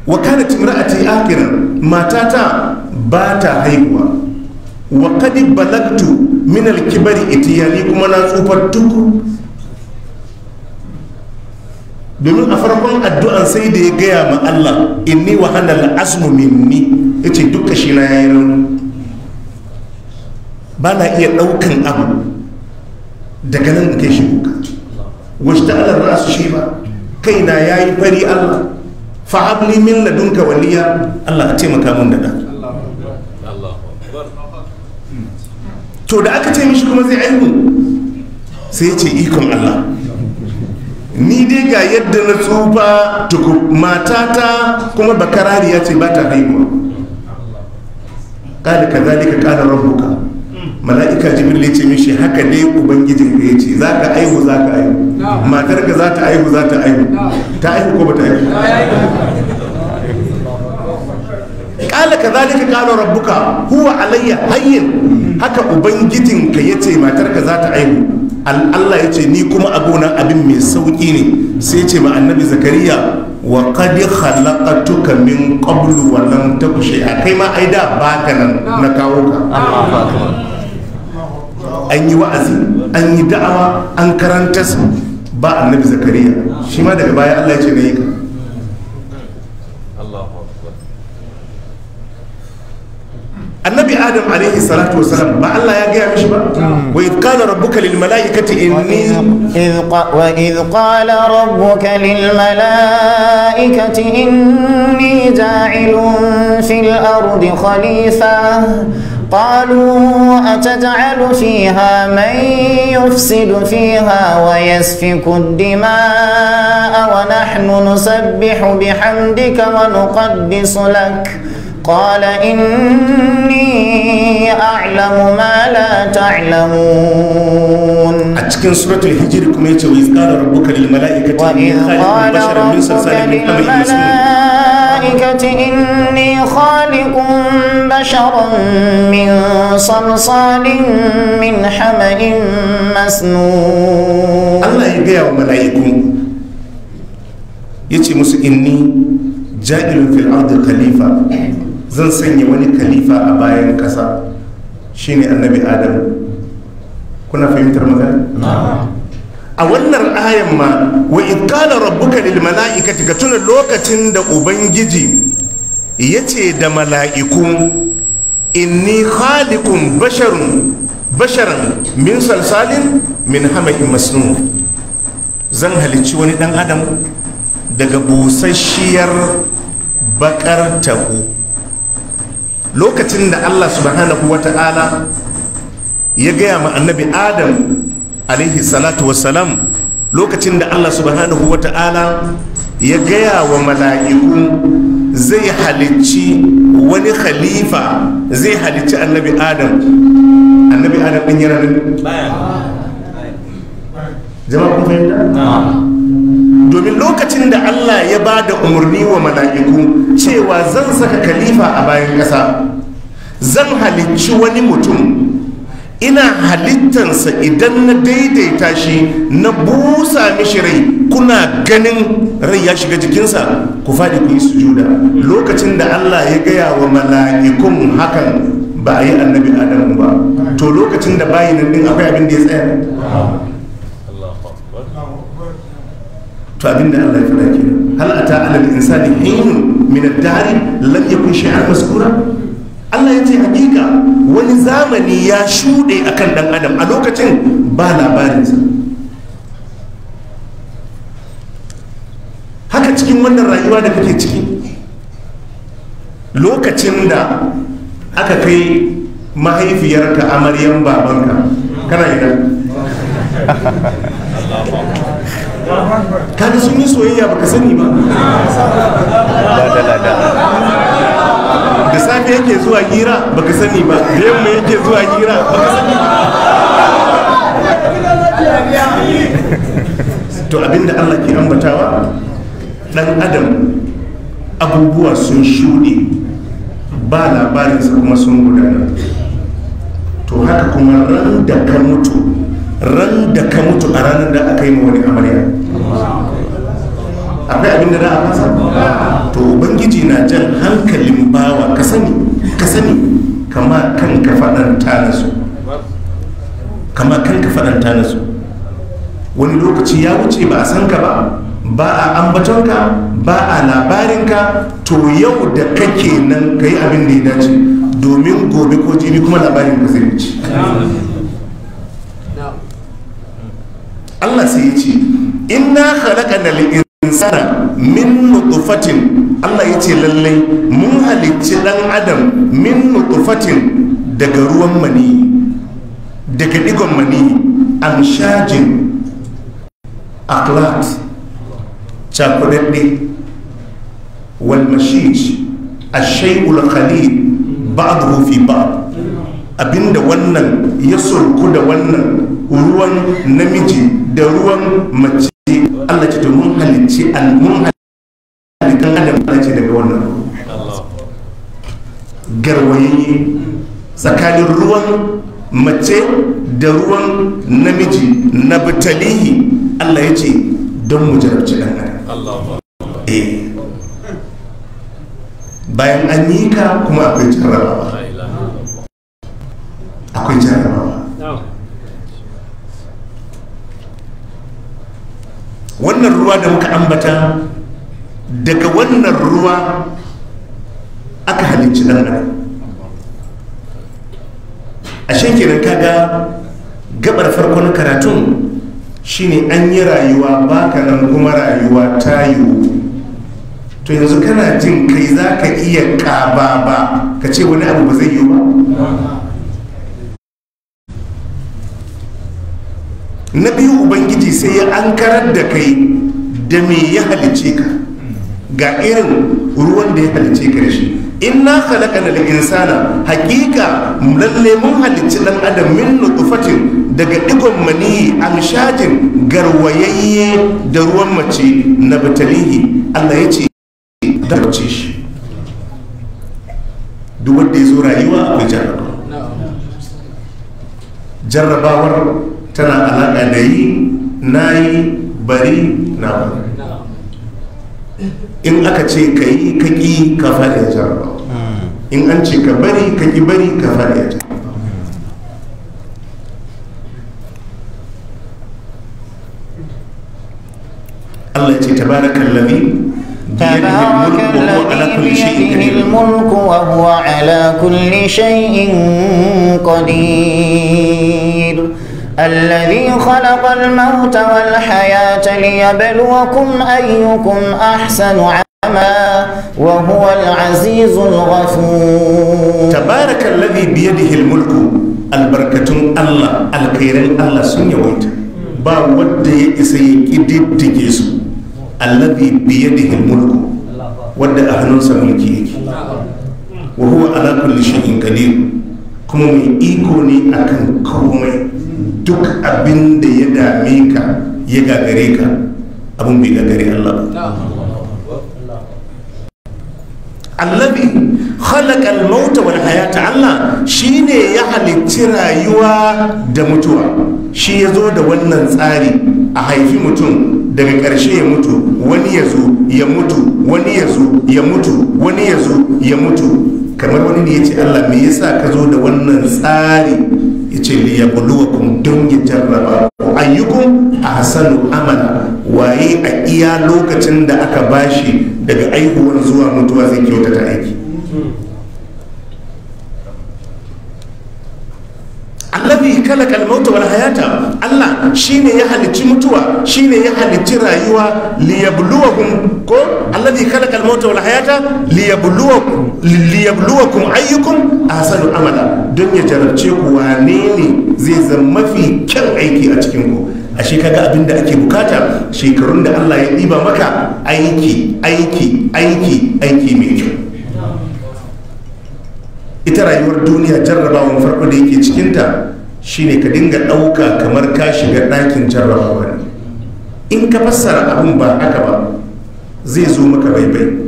wa kanat imra'ati akira matata ba ta haihuwa wa qad balagtu min al-kibari itiyani kuma na tsufa tuku domin a farkon addu'an sai da ya gaya ma Allah inni wa hanal azmu minni yace duka shi na yayin rauni ba na iya daukan abu daga nan kai shi kuka wajda ala su shi ba kaina yayi fari Allah fa'abli min ladunka waliya Allah a taimaka mun da to da aka ce mishi kuma zai aihu sai ce ikon Allah ni dai ga yadda na tsufa tuku matata kuma bakarariya ce ba ta haihuwa ka zalika قال ربك mala'ika jibril ya ce mishi haka dai ubangijin ka ya ce za ka aihu za ka aihu matar ka za ta aihu za ta aihu ta aihu ko ba ta aihu kala ka zalika kala rabbuka huwa alayya hayyin haka ubangijin ka ya ce matar ka za ta aihu Allah ya ce ni kuma abuna abin mai sauki ne sai ce ma annabi zakariya wa qad khalaqtuka min qablu wa lam kushe? A kai ma ai da baka nan na kawo ka an yi wa'azi an yi da'awa an karanta ba annabi zakariya shi ma daga baya Allah ya ce na yi ka annabi adam alaihi salatu wasalam ba Allah ya gaya mishi ba wa idh qala rabbuka lil malaikati inni wa idh qala rabbuka lil malaikati inni ja'ilun fil ardi khalifa قالوا أتجعل فيها من يفسد فيها ويسفك الدماء ونحن نسبح بحمدك ونقدس لك قال إني أعلم ما لا تعلمون أتكن سورة الهجر كميت وإذ قال ربك للملائكة وإذ قال ربك للملائكة إني خالق بشرا من صلصال من حمل مسنون الله يجيء ملائكم يتي مسو إني جائل في الأرض خليفة zan sanya wani khalifa a bayan ƙasa shine annabi adam kuna fahimtar magana a wannan ayan ma wa idkala rabbuka lil mala'ikati ka tuna lokacin da ubangiji ya ce da mala'iku inni khaliqun basharun basharan min salsalin min hamahin masnu zan halicci wani dan adam daga busasshiyar bakar tahu lokacin da allah subhanahu wa ta'ala ya gaya ma annabi adam alaihi salatu wassalam lokacin da allah subhanahu wa ta'ala ya gaya wa mala'iku zai halicci wani khalifa zai halicci annabi adam annabi adam ɗin yana nan jama'a kun fahimta domin lokacin da Allah ya ba da umarni wa mala'iku cewa zan saka khalifa a bayan ƙasa zan halicci wani mutum ina halittansa idan na daidaita shi na busa mishi rai kuna ganin rai ya shiga jikinsa ku faɗi ku yi sujuda lokacin da allah ya gaya wa mala'ikun hakan ba a yi annabi adam ba to lokacin da bayi nan din akwai abin da ya tsaya to abin da allah ya faɗa kenan hal ata alal insani hinun min ad-dahr lam yakun shay'an maskura Allah ya ce hakika wani zamani ya shuɗe a kan ɗan adam a lokacin ba labarinsa haka cikin wannan rayuwa da kake ciki lokacin da aka kai mahaifiyarka amaryan babanka kana idan kada sun yi soyayya baka sani ba da safe yake zuwa hira ka sani ba da yamma yake zuwa hira ka sani ba to abinda Allah ke ambatawa dan adam abubuwa sun shuɗe ba labarinsa kuma sun gudana to haka kuma ran da ka mutu ran da ka mutu a ranar da aka yi ma wani amarya akwai abin da za a masa to ubangiji na jan hankalin bawa ka sani ka sani kama kanka faɗanta na su kama na su wani lokaci ya wuce ba a san ka ba ba a ambatonka ba a labarinka to yau da kake nan ka yi abin da ya dace domin gobe ko jibi kuma labarin ka zai wuce Allah sai ya ce inna khalaqa lil sara min nutfatin Allah ya ce lallai mun halicci dan adam min nutfatin daga ruwan mani daga digon mani amshajin aklat cakudadde wal mashish ashay'ul khalid ba'dahu fi ba'd abinda wannan ya sulku da wannan ruwan namiji da ruwan mace Allah ce domin mun halicci al adam Allah ce daga wannan garwayi tsakanin ruwan mace da ruwan namiji na batalihi Allah ya ce don mu jarabci ɗan adam eh bayan an yi ka kuma akwai jarrabawa akwai jarrabawa wannan ruwa da muka ambata daga wannan ruwa aka halicci dan adam ashe ka kaga gabar farkon karatun shine an yi rayuwa baka nan kuma rayuwa ta yiwu to yanzu kana jin kai za ka iya ƙaba ba ka ce wani abu ba zai yiwu ba na biyu ubangiji sai ya ankarar da kai da me ya halice ka ga irin ruwan da ya halice ka da shi inna khalaqana al-insana haqiqa lalle mun halicci dan adam min nutfatin daga digon maniyi amshajin garwayayye da ruwan mace na batalihi Allah yace da shi duk wanda yazo rayuwa akwai jarrabawa jarrabawar tana alaƙa da yi na yi bari na ba in aka ce ka yi ka ƙi ka faɗi jarabawa in an ce ka bari ka ƙi bari ka faɗi jarabawa الله تبارك الذي تبارك الذي بيده الملك وهو على كل شيء قدير الذي خلق الموت والحياة ليبلوكم أيكم أحسن عما وهو العزيز الغفور تبارك الذي بيده الملك البركة الله الخير الله سنيويت با ودي إسي كدد تجيسو الذي بيده الملك ودي أهنون سملكي وهو على كل شيء قدير kuma mai iko ne akan komai duk abin da ya dame ka ya gagare ka abin bai gagare Allah allabi khalaqal mauta wal hayata Allah shine ya halicci rayuwa da mutuwa shi ya zo da wannan tsari a haifi mutum daga ƙarshe ya mutu wani ya zo ya mutu wani ya zo ya mutu wani ya zo ya mutu kamar wani ne ya ce allah me yasa ka zo da wannan tsari ya ce liya kun don ya jarraba ku ayyukun a hasanu amala waye a iya lokacin da aka bashi daga aihuwar zuwa mutuwa zai kyautata aiki allabi kalakal kalmauta wal hayata Allah shine ya halicci mutuwa shine ya halicci rayuwa liyabluwakum ko allazi kalakal mauta wal hayata liyabluwakum liyabluwakum ayyukum ahsanu amala don ya jarabce ku wane ne zai zama mafi kyan aiki a cikin ku ashe kaga abin da ake bukata shekarun da Allah ya ɗiba maka aiki aiki aiki aiki mai kyau ita rayuwar duniya jarrabawar farko da yake cikinta shine ka dinga ɗauka kamar ka shiga ɗakin jarrabawa ne in ka fassara abin ba haka ba zai zo maka baibai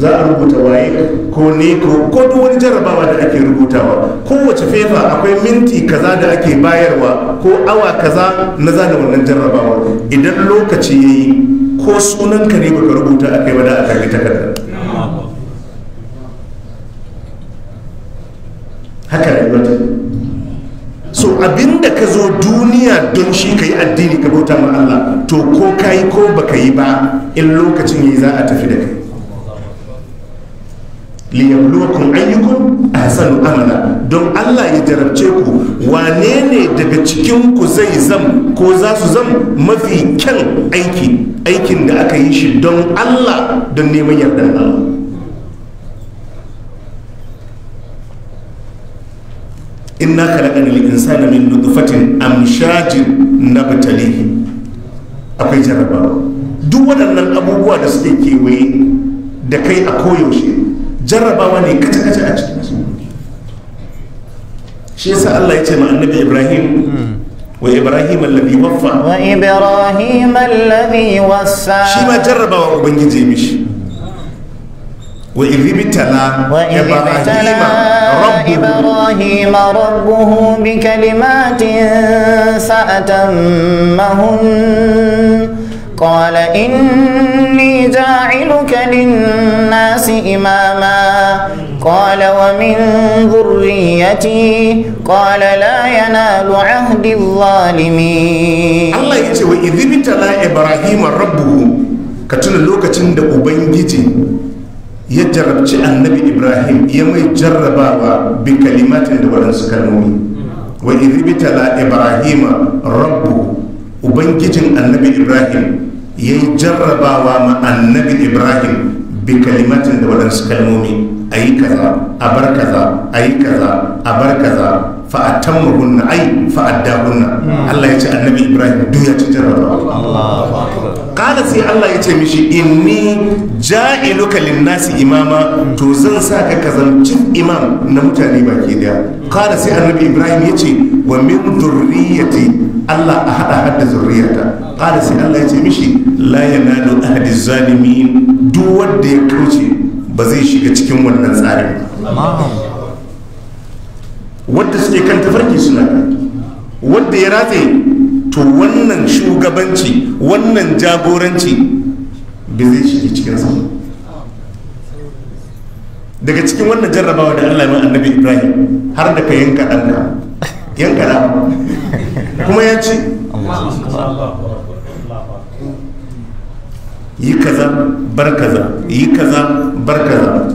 za a rubuta waye ko ne ko duk wani jarrabawa da ake rubutawa kowace fefa akwai minti kaza da ake bayarwa ko awa kaza na zana wannan jarrabawa idan lokaci ya yi ko sunanka ne baka rubuta a kai ba da aka yi takarda haka rayuwa ta so abinda ka zo duniya don shi ka yi addini ka bauta ma Allah to ko ka yi ko baka yi ba in lokacin yi za a tafi da kai ayyukun a ahsanu amala don Allah ya jarabce ku wane ne daga cikin ku zai zam ko za su zam mafi kyan aiki aikin da aka yi shi don Allah don neman yardan Allah inna khalaqna al insana min nutfatin amshajin nabtalihi akwai jarrabawa duk waɗannan abubuwa da suke kewaye da kai a koyaushe jarrabawa ne kace kace a cikin su shi yasa Allah ya ce ma annabi Ibrahim wa Ibrahim alladhi waffa wa Ibrahim alladhi wassa shi ma jarrabawa ubangiji mishi وإذ ابتلى إبراهيم ربه بكلمات فأتمهن قال إني جاعلك للناس إماما قال ومن ذريتي قال لا ينال عهد الظالمين الله يجي وإذ ابتلى إبراهيم ربه كتن لوكتن دا أبنجي ya jarabci annabi ibrahim ya mai jarrabawa bi kalimatin da waɗansu kalmomi wa izibitala ibrahima rabbu ubangijin annabi ibrahim ya yi jarrabawa ma annabi ibrahim bi kalimatin da waɗansu kalmomi Ayi kaza a bar kaza ayi kaza a bar kaza fa tamma hunna ai da hunna Allah ya ce annabi Ibrahim duk ya ci jarrabawa kada sai Allah ya ce mishi inni ja'iluka linnasi imama to zan sa ka kazanci imam na mutane baki daya kada sai annabi Ibrahim ya ce wa min dhurriyyati Allah a hada hadda zurriyata kada sai Allah ya ce mishi la yanalu ahadi zalimin duk wanda ya kauce ba zai shiga cikin wannan tsarin ba wadda suke kan tafarki suna wadda ya ratse to wannan shugabanci wannan jagoranci ba zai shiga cikin sa daga cikin wannan jarrabawa da Allah mai annabi Ibrahim har da ka yanka ɗanka yanka da kuma ya ce yi kaza bar kaza yi kaza barka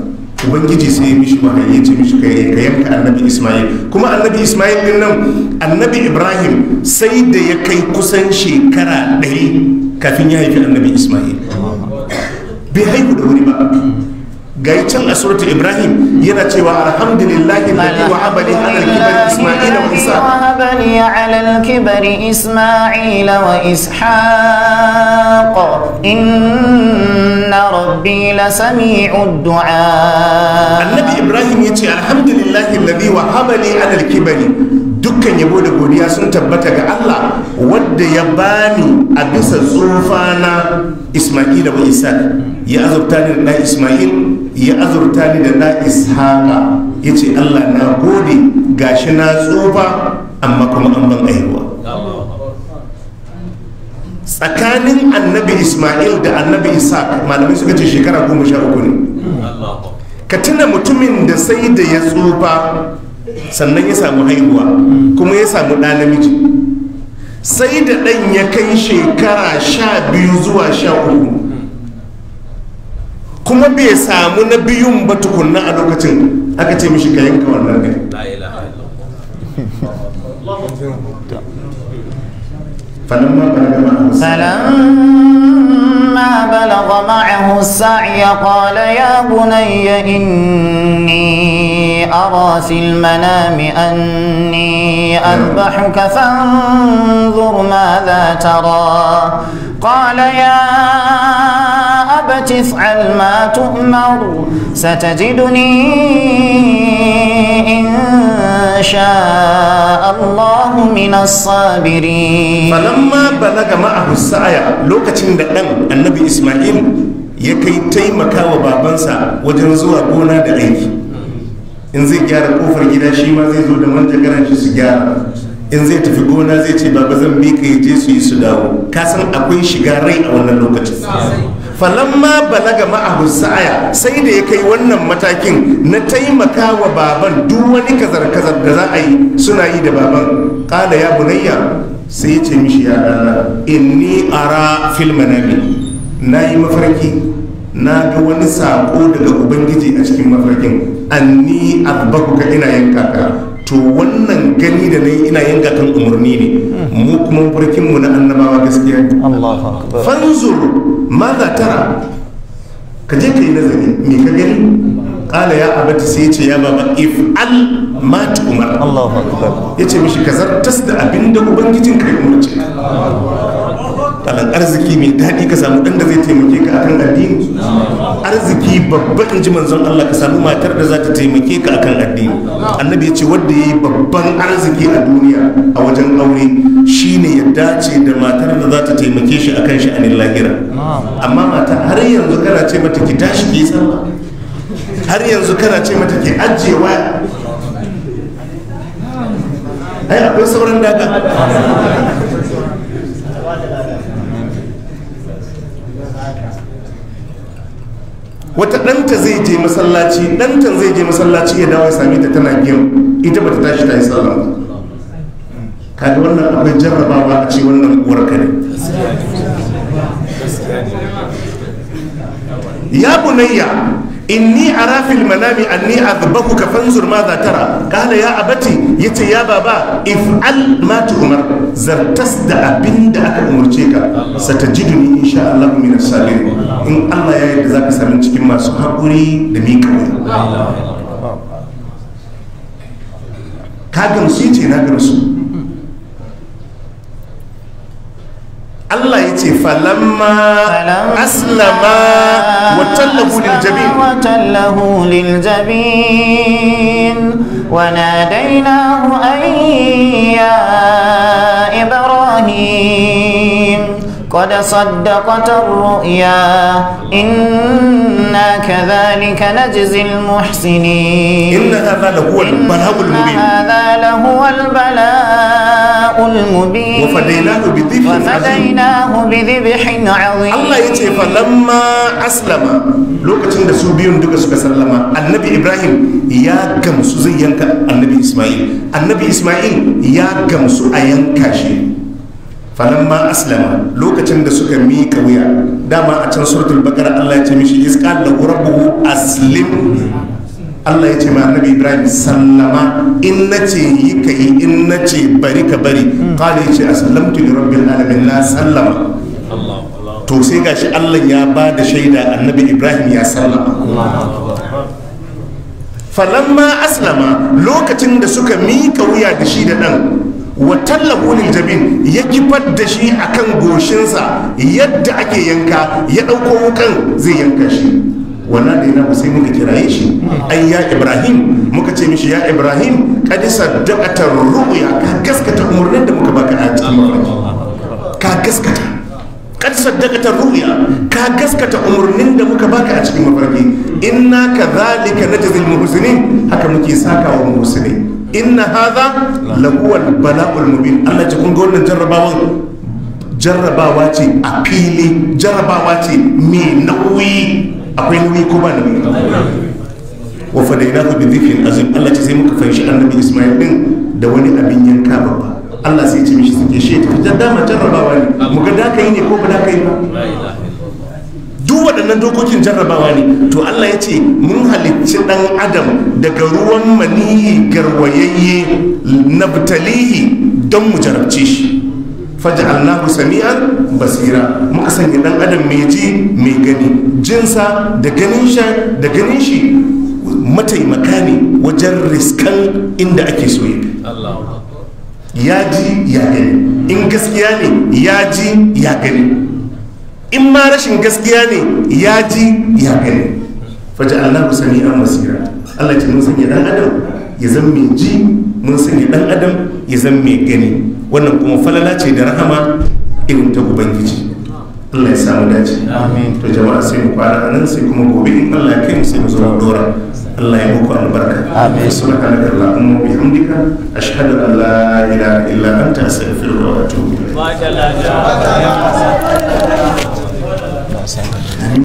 ubangiji sai ya mishi wahayi ya ce mishi kai ka yanka annabi ismail kuma annabi ismail din nan annabi ibrahim sai da ya kai kusan shekara ɗari kafin ya haifi annabi ismail bai haihu da wuri ba gai can a suratul ibrahim yana cewa alhamdulillahi alladhi wahaba wa ala al-kibari isma'ila wa isa wa li ala al-kibari isma'ila wa ishaq inna rabbi sami du'a annabi ibrahim yace alhamdulillahi alladhi wahaba wa ala al-kibari dukkan yabo da godiya sun tabbata ga Allah wadda ya bani a bisa tsufana Isma'ila wa Isa ya azabta ni da Isma'il ya azurta ni da na ishaƙa ya ce allah na gode gashi na tsufa amma kuma an ban aihuwa tsakanin annabi ismail da annabi ishaq malamai suka ce shekara goma sha uku ne ka tuna mutumin da sai da ya tsufa sannan ya samu haihuwa kuma ya samu ɗa namiji sai da ɗan ya kai shekara sha biyu zuwa sha uku kuma bai samu na biyun ba tukunna a lokacin aka ce mishi ka yanka wannan ne فلما بلغ معه السعي قال يا بني إني أرى في المنام أني أذبحك فانظر ماذا ترى قال يا أبت افعل ما تؤمر ستجدني إن شاء الله من الصابرين فلما بلغ معه السعي لوكتين دقن النبي إسماعيل يكي تيمكا وبابنسا بونا in zai gyara kofar gida shi ma zai zo da manjagara shi su gyara in zai tafi gona zai ce baba zan bi ya je su yi su dawo ka san akwai shiga rai a wannan lokacin falamma balaga ma'ahu sa'aya sai da ya kai wannan matakin na taimaka wa baban duk wani kazar-kazar da za a yi suna yi da baban kala ya bunayya sai ya ce mishi ya dana inni ara fil manami na yi mafarki na ga wani saƙo daga ubangiji a cikin mafarkin anni abbakuka ina yanka ka to wannan gani da nayi ina yin kan umarni ne mu kuma mafarkin mu na annabawa gaskiya ne fanzur ma za tara ka je ka yi nazari me ka gani kala ya abata sai ce ya baba if al mat umar ya ce mishi ka zartas da abin da ubangijin ka yi umarci talan arziki mai daɗi ka samu ɗan da zai taimake ka akan addini arziki babban in ji manzon Allah ka samu matar da za ta taimake ka akan addini annabi ya ce wadda ya yi babban arziki a duniya a wajen aure shi ne ya dace da matar da za ta taimake shi akan sha'anin lahira amma mata har yanzu kana ce mata ki tashi ki har yanzu kana ce mata ki ajiye waya ai akwai sauran daga wata ɗanta zai je masallaci ɗantan zai je masallaci ya dawo ya sami ta tana biyan ita bata tashi ta yi sallah ba wannan abin jarrabawa a ce wannan uwar ka ne ya bunayya inni ara fil manami anni ka fanzur ma za tara kala ya abati yace ya baba if'al ma tuhmar zartas da abin da aka umurce ka satajiduni insha Allah min as-salim in Allah ya yarda zaka sami cikin masu hakuri da mika ka gamsu ce na gamsu الله يجي فلما أسلم وتله للجبين وتله للجبين وناديناه أن يا إبراهيم قد صدقت الرؤيا إنا كذلك نجزي المحسنين إن هذا لهو البلاء المبين هذا لهو البلاء المبين وفديناه بذبح وفديناه بذبح عظيم الله يتي فلما أسلم lokacin da su biyun duka suka sallama annabi ibrahim ya gamsu zai yanka annabi ismail annabi ismail ya gamsu a falamma aslama lokacin da suka miƙa wuya dama a can suratul bakar Allah ya ce mishi isqal lahu rabbuhu aslim Allah ya ce ma annabi Ibrahim sallama in nace yi ka yi in nace bari ka bari qala ya ce aslamtu li rabbil alamin na sallama to sai gashi Allah ya ba da shaida annabi Ibrahim ya sallama falamma aslama lokacin da suka miƙa wuya da shi da ɗan wa tallahu lil jabin ya kifar da shi a kan goshinsa yadda ake yanka ya ɗauko wukan zai yanka shi wannan da yana sai muka kiraye shi ai ya ibrahim muka ce mishi ya ibrahim kadi saddaqata ru'ya ka gaskata umurnin da muka baka a cikin mafarki ka gaskata kad saddaqata ru'ya ka gaskata umurnin da muka baka a cikin mafarki inna kadhalika najzil muhsinin haka muke saka wa muhsinin inna haza laguwar bala'ul mubin Allah ce kun ga wannan jarrabawan jarrabawa ce a fili jarrabawa ce mai nauyi akwai nauyi ko ba nauyi wa ku bi dhikrin azim Allah ce sai muka fanshi annabi Ismail din da wani abin yanka babba Allah sai ya ce mishi suke shi ta dama jarrabawa ne mu ga da kai ne ko ba da kai ba duk waɗannan dokokin jarrabawa ne to allah ya ce mun halicci ɗan adam daga ruwan manihi garwayayye na butalihi don mu jarabce shi faj'alnahu sami'an basira muka sanya ɗan adam mai ji mai gani jinsa da ganin shi da ganin shi mataimaka ne wajen riskan inda ake so ya ji ya gani in gaskiya ne ya ji ya gani in ma rashin gaskiya ne ya ji ya gani faji allah ku sani an basira allah ce mun sanya dan adam ya zan mai ji mun sanya dan adam ya zan mai gani wannan kuma falala ce da rahama irin ta ubangiji allah ya samu dace to jama'a sai mu fara nan sai kuma gobe in allah ya kai mu sai mu zo dora Allah ya muku albarka. Amin. Subhanaka Allahumma wa bihamdika ashhadu an la ilaha illa anta astaghfiruka wa atubu ilayk. sí